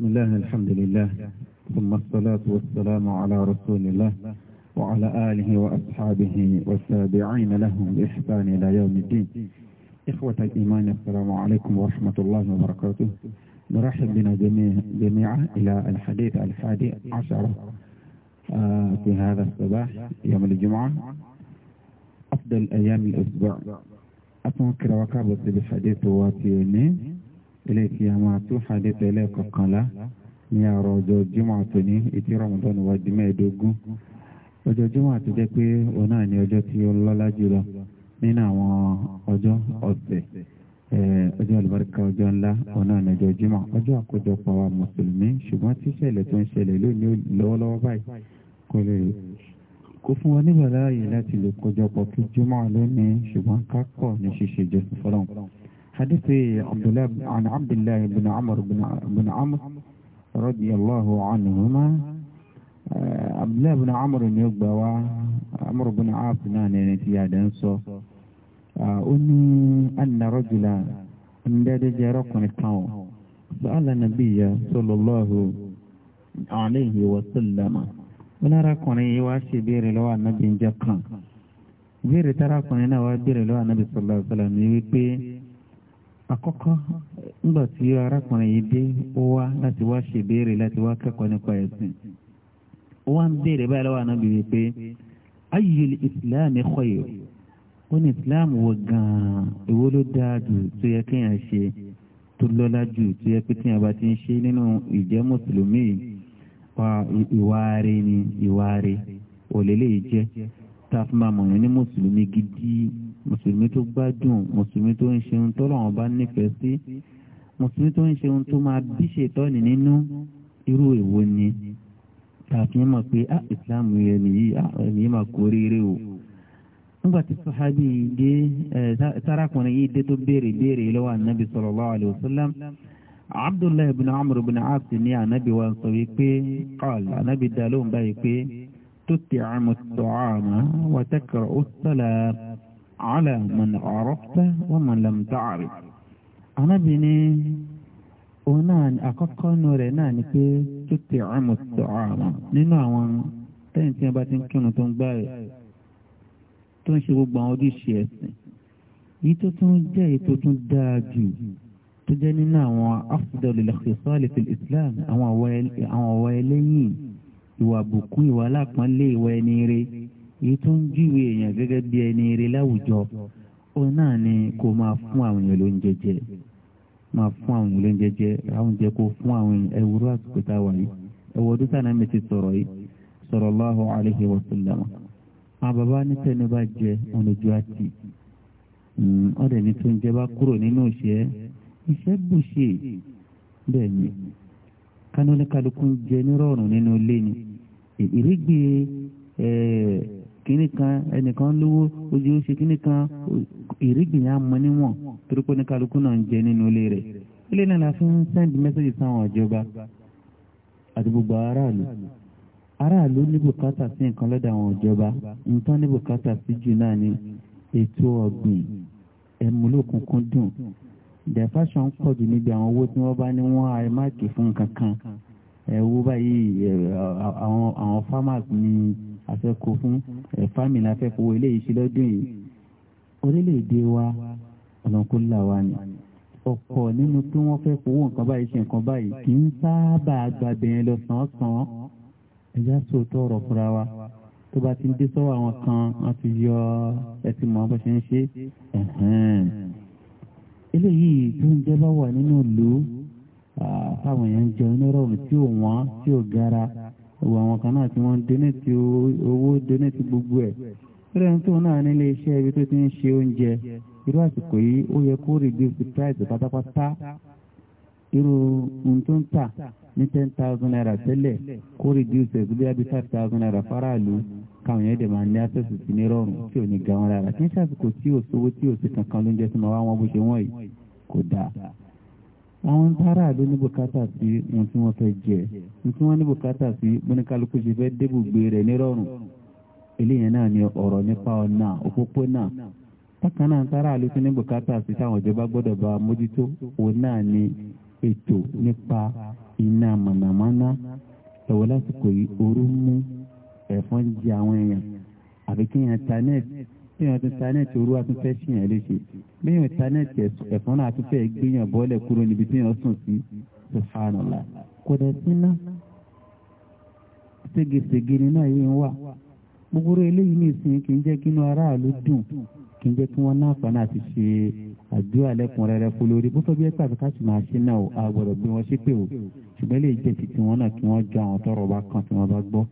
بسم الله الحمد لله ثم الصلاة والسلام على رسول الله وعلى آله وأصحابه والتابعين لهم بإحسان إلى يوم الدين إخوة الإيمان السلام عليكم ورحمة الله وبركاته نرحب بنا جميعا إلى الحديث الحادي عشر آه، في هذا الصباح يوم الجمعة أفضل أيام الأسبوع أتمنى كرة وكابوس بحديث واتيني ilé tí a máa tó hadith ẹlẹ́kọ̀ọ̀kànlá ní àárọ̀ ọjọ́ jimá tóní etí ramadan wá di mẹ́ẹ̀ẹ́dógún ọjọ́ jimá tó jẹ́ pé òun náà ni ọjọ́ tí ó lọ́lá jùlọ nínú àwọn ọjọ́ ọ̀sẹ̀ ọjọ́ àlùbáríkà ọjọ́ ńlá ọ̀nà ànàjọ́ jímọ̀ ọjọ́ àkójọpọ̀ wa mùsùlùmí ṣùgbọ́n tí ìṣẹ̀lẹ̀ tó ń ṣẹlẹ̀ lónìí lọ́wọ́lọ́wọ́ báyìí حديث عبد الله عن عبد الله بن عمر بن عمر رضي الله عنهما عبد الله بن عمر يقبى عمر بن عاص نان نتيادا أني أن رجلا من داد جاركم التاو سأل النبي صلى الله عليه وسلم من أراكني واشي بير لو النبي جاكا بير تراكني نوا بير لو النبي صلى الله عليه وسلم àkọ́kọ́ nígbà tí arákùnrin yìí dé ó wá láti wá ṣèbéèrè láti wá kẹ́kọ̀ọ́ nípa ẹ̀sìn ó wá ń béèrè báyìí lọ́wọ́ àná bìbí pé ayyul islam khayr ó ní islam wọ gan-an èwo ló dáa jù tó yẹ kéèyàn ṣe tó lọ́lá jù tó yẹ pé téèyàn bá ti ń ṣe nínú ìjẹ́ mùsùlùmí ìwáre ni ìwáre òlélẹ́yìí jẹ́ tá a fi máa mọ̀ ní mùsùlùmí gidi mùsùlùmí tó gbádùn mùsùlùmí tó ń ṣe ohun tó lọ́wọ́n bá nífẹ̀ẹ́ sí mùsùlùmí tó ń ṣe ohun tó máa bí ṣètọ́ni nínú irú èwo ni tààfin mọ̀ pé ah islam yẹn nìyí ah ẹ̀mí mà kó rere o nígbà tí sahabi dé sárakùnrin yìí dé tó béèrè béèrè lọ́wọ́ anabi sallallahu alayhi wa sallam abdullahi ibn amr ibn as ni anabi wa sọ wípé qal anabi dalóhùn báyìí pé tut'imu at-ta'ama wa takra'u as-salam ala man arafta wa man lam ta'rif anábìnrin òun náà àkọ́kọ́ nù rẹ̀ náà ni pé tó ti àmọ̀ tó àmọ̀ nínú àwọn tẹ́yìn tí wọ́n bá ti ń kírun tó ń gbá rẹ̀ tó ń ṣe gbogbo àwọn ojúṣe ẹ̀sìn yìí tó tún jẹ́ èyí tó tún dáa jù tó jẹ́ nínú àwọn afdalul khisal fil islam àwọn ọ̀wọ́ ẹlẹ́yìn ìwà àbùkù ìwà alápọ̀nlé ìwà ẹni rẹ̀ èyí tó ń júwe èèyàn gẹ́gẹ́ bí ẹni eré láwùjọ òun náà ni kó máa fún àwọn èèyàn lóúnjẹ jẹ máa fún àwọn èèyàn lóúnjẹ jẹ àwọn jẹ kó fún àwọn ẹwúrọ àsìkò tá a wà yìí ẹwọ ọdún tànà mi ti sọ̀rọ̀ yìí sallallahu alaihi wa sallam àwọn bàbá ní tẹnu bá jẹ ọ̀nàjú àti hmm, ọ̀dẹ̀ ní tó ń jẹ bá kúrò nínú ìṣẹ́ iṣẹ́ bùṣe bẹ́ẹ̀ ni kánú ní kálukú ń jẹ nírọ̀rùn nínú ilé ni ìrígbé ẹ̀ eh, kíní kan ẹnìkan lówó ojú ó ṣe kíní kan ìrígbìyàn mọ níwọ̀n torí pé oníkálukú náà ń jẹ nínú ilé rẹ̀ ilé náà la fi ń sẹ́ndì mẹ́sẹ̀jì sáwọn ìjọba àti gbogbo aráàlú aráàlú ní bùkátà sí nǹkan lọ́dọ̀ àwọn ìjọba nǹkan ní bùkátà sí jù náà ni ètò ọ̀gbìn ẹ̀múlòkùnkùn dùn dẹ̀fàṣọ ń pọ̀ jù níbi àwọn owó tí wọ́n bá ní wọ́n àìmáàkì fún nǹkan kan báyìí àwọn farmers ní afẹ́kọ̀ọ́ fún ẹ̀fámì eh, la fẹ́ fowó eléyìí ṣe lọ́dún yìí orílẹ̀-èdè wa ọ̀nàkúnlá wa ni ọ̀pọ̀ nínú tí wọ́n fẹ́ fowó nǹkan báyìí ṣe nǹkan báyìí kì í sábà gbàgbẹ́yẹn lọ sàn án sàn án ẹ̀yà sòótọ́ ọ̀rọ̀ fúnra wa tó bá ti ń dé sọ́wọ́ àwọn kan wọ́n ti yọ ẹtì mọ́ bó ṣe ń ṣe eléyìí tó ń jẹ́ bá wà nínú ìlú ah, táwọn èèyàn jẹun ní rọrùn tí ò wọ́n tí ò gara ìwọ àwọn kan náà tí wọ́n donate owó donate gbogbo ẹ̀ lórí ẹni tó náà nílé iṣẹ́ ibi tó ti ń ṣe oúnjẹ irú àsìkò yìí ó yẹ kó reduce price pátápátá irú ohun tó ń tà ní ten thousand naira tẹ́lẹ̀ kó reduce ẹ̀ bí abi five thousand naira faraàlú káwọn yẹn dẹ̀ máa ní access sí ní rọrùn tí ò ní ga wọn rárá kí n ṣàsìkò tí ò sówó tí ò sí kankan lóúnjẹ tí mo wá wọn bó ṣe wọ́n yìí kò dáa. àwọn tààrà ló ní bùkátà sí ohun tí wọ́n fẹ jẹ ohun tí wọ́n ní bùkátà sí bóníkálukú ṣe fẹ́ débùgbé rẹ̀ nírọ̀rùn eléyẹn náà ni ọ̀rọ̀ nípa ọ̀nà òpópónà bákan náà ló ní bùkátà sí táwọn ìjọba bá mójútó òun náà ni ètò nípa iná mànàmáná lásìkò yìí mú jẹ àwọn èèyàn bí wọn tún tánẹ́ẹ̀tì orú atúnfẹ́ ṣìyàn léṣe bí wọn tánẹ́ẹ̀tì ẹ̀fọn náà atúnfẹ́ gbéyàn bọ́ọ̀lẹ̀ kúrò níbi tí wọn sùn sí subhanallah kò dẹ̀ sí ná ségesège ni náà yìí ń wà gbogbo eléyìí ní ìsìn kì í jẹ́ kí inú aráàlú dùn kì í jẹ́ kí wọ́n náǹfààní àti ṣe àdúrà lẹ́kùnrẹ́rẹ́ fún lórí bó fẹ́ bí ẹ̀ka àfikà sì máa ṣe náà o a gbọ́dọ̀ gbé wọn ṣépè o ṣùgbọ́n lè jẹ́ ti tiwọn náà kí wọ́n jọ àwọn tọrọ bá kàn tí wọ́n bá gbọ́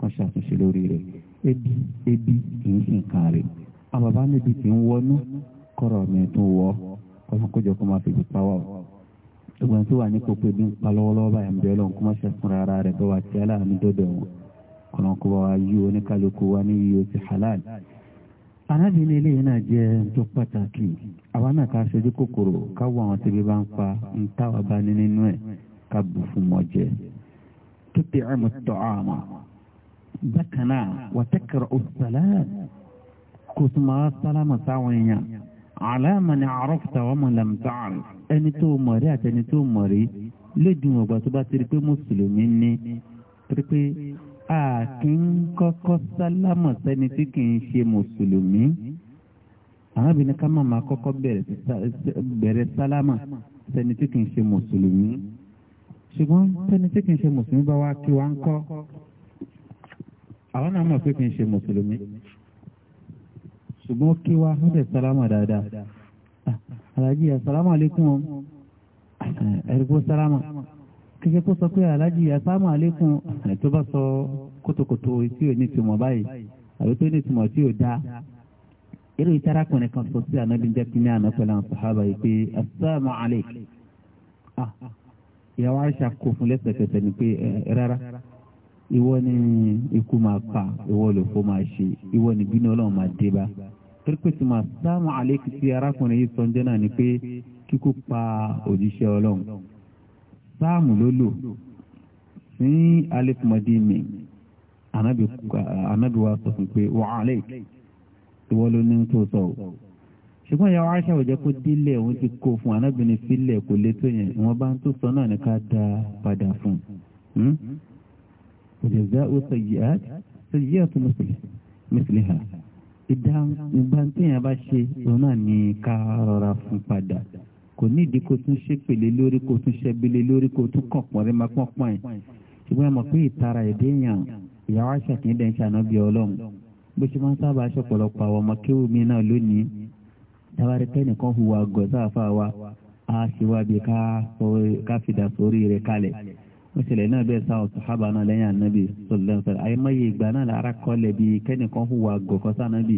kàn ṣàtúnṣe lórí rẹ̀ ebi ebi kì í ṣe nǹkan rẹ̀ àwọn bàbá níbi tí ń wọnú kọ̀rọ̀ mi tún wọ́ kọ́sán kójọ kó máa fèjì pa wá o. ìgbà tí wàá ní kó pé bí ń pa lọ́wọ́lọ́wọ́ báyìí ń bẹ ọlọ́run kó má ṣe fúnra ara rẹ̀ bẹ́ẹ̀ wá tí aláàánú dọ́dọ̀ wọn kọ́nà kó bá wa yí oníkálukú wa ní yíyó ti halal. arábìnrin eléyìí náà jẹ́ tó pàtàkì àwa náà ká ṣojú kòkòrò ká wọ àwọn tẹ́bí bá ń pa ń táwa bá ní nínú ẹ̀ ká bù fún wọn jẹ. tó tẹ àmọ́ tọ́ àmọ́ bákan náà wàtẹ́kẹ̀rọ̀ òṣèlú kò tún máa sálámà sáwọn èèyàn àlàmàní àrọ́fùtà ọmọ làmùtàn ẹni tó mọ̀ rí àti ẹni tó mọ̀ rí lédi wọn gbà tó bá ti rí pé mùsùlùmí ní rí pé a kì ń kọ́kọ́ sálámà sẹ́ni tí kì í ṣe mùsùlùmí arábìnrin ká má máa kọ́kọ́ bẹ̀rẹ̀ sálámà sẹ́ni tí kì í ṣe mùsùlùmí ṣùgbọ́n sẹ́ni tí kì í ṣe mùsùlùmí bá wá kí wá ń kọ́ àwọn náà mọ̀ pé kì í ṣe mùsùlùmí ṣùgbọ́n kí wá wọ́n tẹ̀ sálámà dáadáa alájì asálámà alékún ẹ̀rùgbọ́ sálámà kíkẹ́ kó sọ pé alájì asálámà alékún tó bá sọ kótókótó tí ò ní ìtumọ̀ báyìí àbí tó ní ìtumọ̀ tí ò dáa irú ìtarakùnrin kan sọ sí ànábi jẹ́ kí ní àná pẹ̀lú àwọn sàhábà yìí pé asálámà alek ìyàwó àṣà kò fún lẹ́sẹ̀kẹsẹ̀ ni pé rárá ìwọ ni ikú máa pa ìwọ lòfó máa ṣe ìwọ ni bínú ọlọ́run máa dé bá torí pé tuma sáàmù àlékún ti arákùnrin yìí sọ́njẹ́ náà ni pé kíkú pa òjíṣẹ́ ọlọ́run sáàmù ló lò sí alẹ́kùnmọ́dé mi ànábì wa sọ fún pé wà á lè ìwọ ló ní tó sọ o ṣùgbọ́n ìyàwó aṣọ àwòjẹ́ kó dílé òun ti kó fún ànábì ní sílẹ̀ kò lè tó yẹn ìwọ̀n bá ń tó sọ náà ní ká dá padà fún un òjò zá ó sọ yìí á sọ yìí á tó mọ̀ sílẹ̀ mọ̀ ìgbà téèyàn bá ṣe òun náà ní ká rọra fún padà kò nídìí kó tún ṣépèlé lórí kó tún ṣẹbílé lórí kó tún kàn pọ̀nrẹ́ máa pọ́n pọ́n ẹ̀ ṣùgbọ́n ẹ mọ̀ pé ìtara èdè yàn ìyàwó àṣà kì í dẹ̀ ń ṣàná bí ọlọ́run bó ṣe máa ń sábà ṣọ̀pọ̀lọpọ̀ àwọn ọmọ kéwù náà lónìí tabarí kẹ́nìkan hùwà gọ̀ sáfà wa a ṣe wá bí ká fìdá sórí rẹ̀ kalẹ̀ ó ṣẹlẹ̀ náà bẹ́ẹ̀ sáwọn sàhábà náà lẹ́yìn ànábì sọ̀lẹ́ sọ̀rọ̀ àyèmáyé ìgbà náà lára kọlẹ̀ bí kẹ́nìkan hùwà gọ̀kọ́ sànábì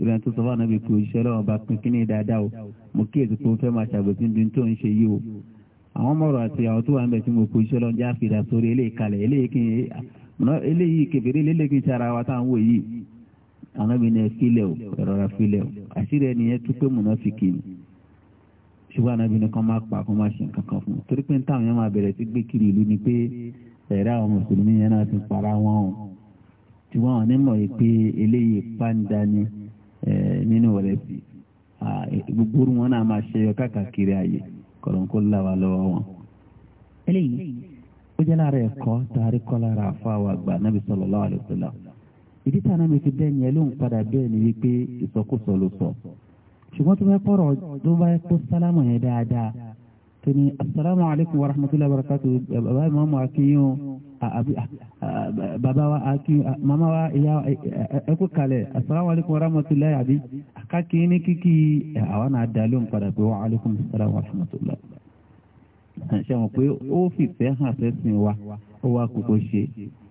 ìrìn tó sọ fún ànábì pé òṣìṣẹ́ ọlọ́run bá pín kínní dáadáa o mo kíyèsí pé ó fẹ́ máa ṣàgbọ̀tí bí tó ń ṣe yìí o àwọn mọ̀rọ̀ àti àwọn tó wà ń bẹ̀ tí mo pè òṣìṣẹ́ ọlọ́run já fìdá sórí eléyìí kalẹ̀ eléyìí kì ni ẹ filẹ̀ o ẹ̀rọra ṣùgbọ́n àná bínú kan máa pa kó máa ṣe nǹkan kan fún un torí pé táwọn yẹn máa bẹ̀rẹ̀ sí gbé kiri ìlú ni pé ẹ̀rẹ́ àwọn mùsùlùmí yẹn náà ti para wọn o ṣùgbọ́n àwọn onímọ̀ yìí pé eléyìí pàǹdà ni nínú rẹ̀ sí gbogbo wọn náà máa ṣẹyọ káàkiri ààyè kọ̀ọ̀kọ́ láwa lọ́wọ́ wọn. eléyìí ó jẹ́ lára ẹ̀kọ́ tàrí kọ́ lára àfa wa gbà nábì sallallahu alaihi ṣùgbọ́n tó bá kọ̀rọ̀ tó bá kó sálámù yẹn dáadáa tó ní asalaamu alaykum wa rahmatulahi wa barakatuh baba imaamu akiyo baba wa akiyo mama wa iya ẹ kú kalẹ̀ asalaamu alaykum wa rahmatulahi abi akákin ní kíkì àwọn náà dalẹ́ òun padà pé wa alaykum salaam wa rahmatulahi ṣe mọ̀ pé ó fìfẹ́ hàn sẹ́sìn wa ó wá kókó ṣe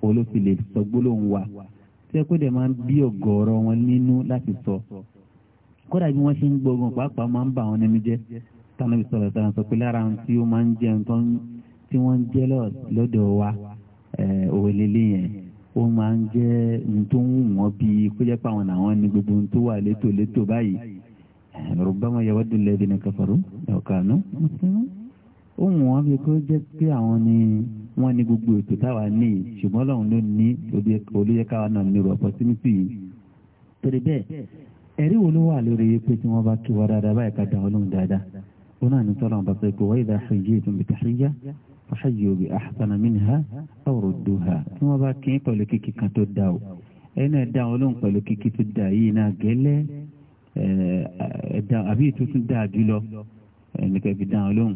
olófin lè sọ gbólóhùn wa tí ẹ pé dẹ̀ máa bí ọ̀gọ̀ọ̀rọ̀ wọn nínú láti sọ kódà bí wọ́n ṣe ń gbógun pàápàá máa ń bà wọn nínú jẹ́ tánàbí sọ̀rọ̀ sọ̀rọ̀ sọ pé lára ohun tí ó máa ń jẹun tó ń tí wọ́n ń jẹ́ lọ́dọ̀ wa òwèlélé yẹn ó máa ń jẹ́ ohun tó ń wù wọ́n bíi kó jẹ́ pàwọn làwọn ní gbogbo ohun tó wà létòlétò báyìí rubama yawaddu alladhina kafaru law kanu muslimin ó wù wọ́n bíi kó jẹ́ pé àwọn ni wọ́n ní gbogbo ètò táwa ní ṣùgbọ́n lọ́hùn ló ní olóyè káwa náà ní rọ̀pọ̀ símítì yìí torí bẹ́ẹ̀ ẹ̀rí wo ló wà lórí pé tí wọ́n bá kí wa dáadáa báyìí ká dáhùn lóhùn dáadáa wọn náà ní tọ́lọ̀ bá pé kò wáyé dá hayyitum bi tahiyya fahayyu bi ahsana minha aw rudduha tí wọ́n bá kí pẹ̀lú kíkí kan tó dá o ẹ̀yin náà dáhùn lóhùn pẹ̀lú kíkí tó dá yìí náà gẹ́lẹ́ ẹ̀ẹ́dá àbí ìtútù dáa jùlọ ẹnìkan fi dáhùn lóhùn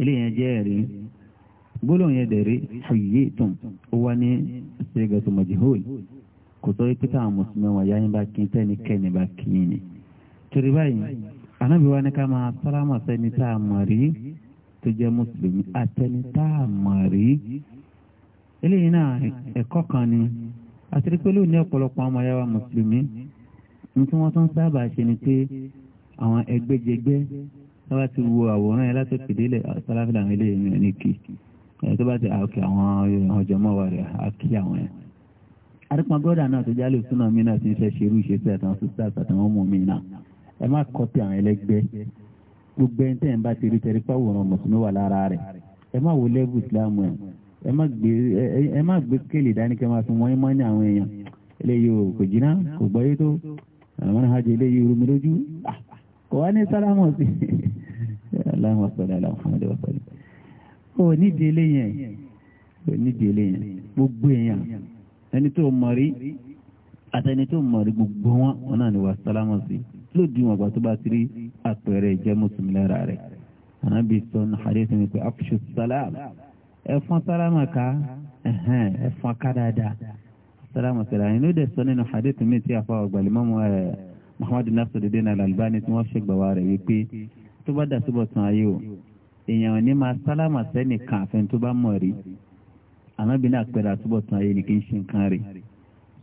eléyìí jẹ́ ẹ̀rí gbólóhùn yẹn dẹ̀rí hayyitum ó wá ní kò sọ pé táwọn mùsùlùmí wọn yáyín bá kí tẹ́nikẹ́ni bá kí ni. torí báyìí anábì wa ní ká máa sálámà sẹ́ni tá a mọ̀ rí tó jẹ́ mùsùlùmí àtẹni tá a mọ̀ rí. eléyìí náà ẹ̀kọ́ kan ni àtìrípẹ́lú ní ọ̀pọ̀lọpọ̀ àwọn ayáwa mùsùlùmí ní tí wọ́n tún sábà ṣe ni pé àwọn ẹgbẹ́jẹgbẹ́ tó bá ti wo àwòrán yẹn láti fìdílé sáláfíà àwọn eléyìí ní kì tó bá ti àwọn ọjọ́ mọ́ wa rẹ̀ á àwọn yẹn àrípọn bọ́dà náà tó jálè súnà mí náà ti ń ṣe ṣerú ìṣesí àtàwọn sisters àtàwọn ọmọ mi náà ẹ má kọ́pì àwọn ẹlẹ́gbẹ́ gbogbo ẹni tẹ́ ẹ̀ ń bá ti rí tẹ́rí pàwòrán mùsùlùmí wà lára rẹ̀ ẹ má wo lẹ́bù ìsìlámù ẹ̀ ẹ má gbé kéèlì dání kẹ́ máa fi wọ́n mọ́ ní àwọn èèyàn eléyìí ò kò jìnnà kò gbọ́ yé tó àwọn àjẹ eléyìí rú lójú kò wá ní sálámù sí ẹni tó mọ̀ rí àtẹni tó mọ̀ rí gbogbo wọn wọn náà ni wà sálámọ̀ sí lóòdì wọn àgbà tó bá ti rí àpẹẹrẹ ìjẹ́ mùsùlùmí lára rẹ̀ ànábì sọ ní hadith mi pé afṣu salam ẹ̀fọn sálámà ká ẹ̀fọn ká dáadáa sálámà sẹ́la ẹni ó dẹ̀ sọ nínú hadith mi tí a fa ọ̀gbàlì mọ́mọ́ ẹ̀ eh, Muhammad Nasiruddin Al-Albani tí wọ́n ṣe gbà wá rẹ̀ wípé tó bá dà síbọ̀ tán ayé o èèyàn ní máa sálámà sẹ́nìkan àfẹn tó bá mọ̀ rí ànábì náà pẹ̀lú àtúbọ̀tán ayé ni kì í ṣe nǹkan rẹ̀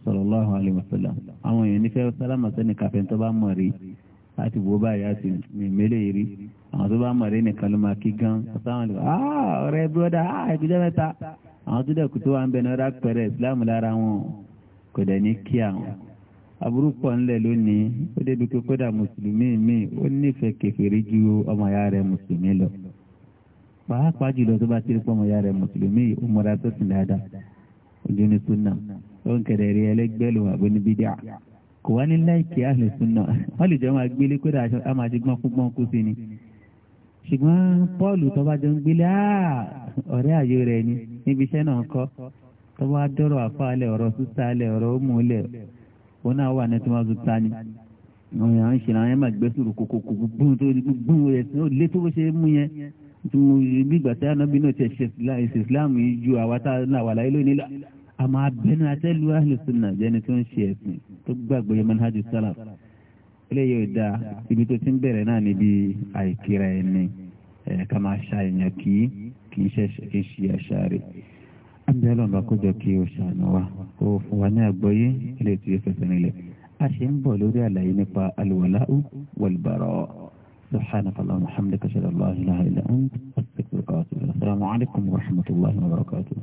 sallallahu alaihi wasallam àwọn èèyàn nífẹ̀ẹ́ sálámà sẹ́ni kàfẹ́ tó bá mọ̀ rí láti wo báyìí àti mẹ́lẹ̀ rí àwọn tó bá mọ̀ rí nìkan ló máa kí gan sáwọn lè ah, ọ̀rẹ́ bírọ́dà ah, ẹ̀gbẹ́jọ́ mẹ́ta àwọn tó dẹ̀kú tó wà ń bẹ ní ọ̀rá pẹ̀rẹ̀ ìsìláàmù lára wọn kò dẹ̀ ní kí àwọn aburú pọ̀ lónìí ó débi pé kódà mùsùlùmí míì ó nífẹ̀ẹ́ kèfèrí ju ọmọ ìyá rẹ̀ mùsùlùmí lọ. pàápàá jùlọ tó bá ti rí pọ́mọ ya rẹ̀ mùsùlùmí ó múra tó sìn dáadáa ojú ni súnà ó ń kẹ̀dẹ̀ rí ẹlẹ́gbẹ́ lò wà bóni bídíà kò wá ní láìkí àlè súnà wọ́n lè jọ máa gbélé kódà á máa ṣe gbọ́n kú sí ni ṣùgbọ́n pọ́ọ̀lù tó bá jọ ń gbélé ọ̀rẹ́ àyò rẹ̀ ni níbi náà tó bá sísá ni. àwọn yàrá ń ṣe àwọn yẹn máa gbé sùúrù kòkòkò gbóhùn tó gbóhùn ẹ̀sìn ó lé tó bó ṣe mú yẹn tí mo bí ìgbà tí anábì náà ti ṣe ìsìláàmù yìí ju àwa tá a wà láyé lónìí la àmọ́ abẹ́nu àtẹ́lu àlùsùnà jẹ́ni tó ń ṣe ẹ̀sìn tó gbàgbé yẹn manhaj salaf eléyìí ò dáa ibi tó ti ń bẹ̀rẹ̀ náà níbi àìkíra ẹni ká máa ṣa èèyàn kì í kì í ṣe kì í ṣe àṣà rẹ̀ abẹ́lọ́nà kójọ kí o ṣàánú wa ó fún wa ní àgbọ́yé eléyìí tó fẹsẹ̀ nílẹ̀. أشهد بولود على ينفع الولاء والبراء سبحانك الله وحمدك أشهد الله لا إله إلا أنت أستغفرك وأتوب إليك السلام عليكم ورحمة الله وبركاته